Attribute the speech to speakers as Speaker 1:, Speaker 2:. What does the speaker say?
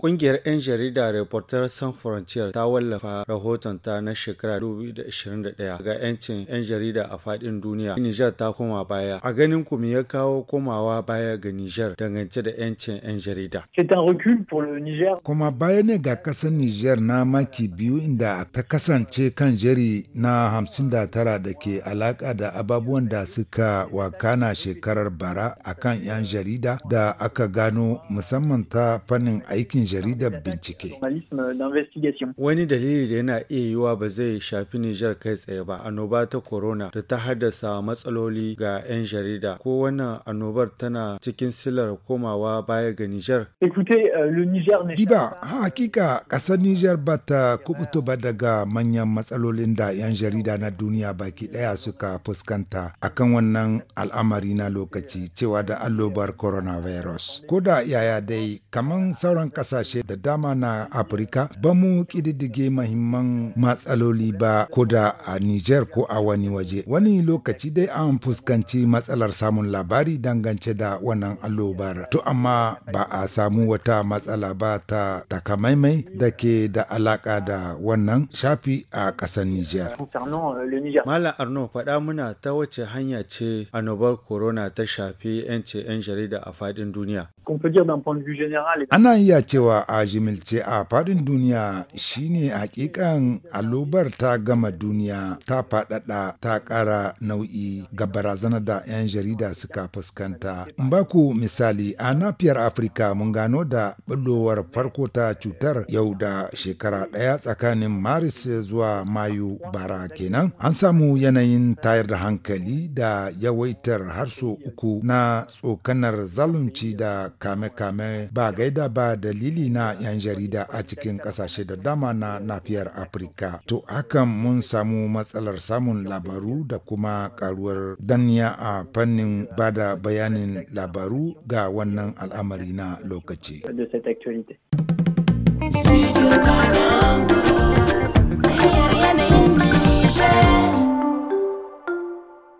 Speaker 1: Ƙungiyar 'yan jarida reporter Sans Frontier ta wallafa rahotonta na shekara 2021 ga 'yancin 'yan jarida a faɗin duniya. Nijar ta koma baya. A ganin ku ya kawo komawa baya ga Nijar dangance da 'yancin 'yan jarida?
Speaker 2: kuma baya ne ga ƙasar Nijar na maki biyu inda ta kasance kan jari na 59 da ke alaƙa da ababuwan da suka wakana shekarar bara akan 'yan jarida da aka gano musamman ta fannin aikin jaridar bincike.
Speaker 1: Eh, Wani dalili da yana iya yiwa ba zai shafi Nijar kai tsaye ba annoba ta corona da ta haddasa matsaloli ga 'yan jarida ko wannan annobar tana cikin silar komawa baya ga Nijar.
Speaker 2: Euh, diba hakika ƙasar Nijar ba ta kubuto ba daga manyan matsalolin da 'yan jarida na duniya baki ɗaya suka fuskanta akan wannan al'amari na lokaci cewa da allobar coronavirus. Ko da yaya dai kamar sauran ƙasa kasashe da dama na Afirka ba mu ƙididdige mahimman matsaloli ba ko da a Niger ko a wani waje. Wani lokaci dai an fuskanci matsalar samun labari dangance da wannan allobar. To amma ba a samu wata matsala ba ta takamaimai da ke da alaƙa da wannan shafi a ƙasar Niger.
Speaker 1: Malam Arno faɗa muna ta wace hanya ce annobar corona ta shafi 'yancin 'yan jarida a faɗin duniya. Ana
Speaker 2: iya cewa Wa a jimilce a fadin duniya shine hakikan allobar ta gama duniya ta faɗaɗa ta ƙara nau'i ga barazana da 'yan jarida suka fuskanta. Mbaku misali a nafiyar Afirka mun gano da bulowar farko ta cutar yau da shekara ɗaya tsakanin Maris zuwa Mayu bara kenan. An samu yanayin tayar da hankali da yawaitar harsu uku na tsokanar zalunci da kame-kame ba gaida ba dalili dalili na 'yan jarida a cikin kasashe da dama na nafiyar Afirka. To hakan mun samu matsalar samun labaru da kuma karuwar danniya a fannin bada bayanin labaru ga wannan al'amari na lokaci.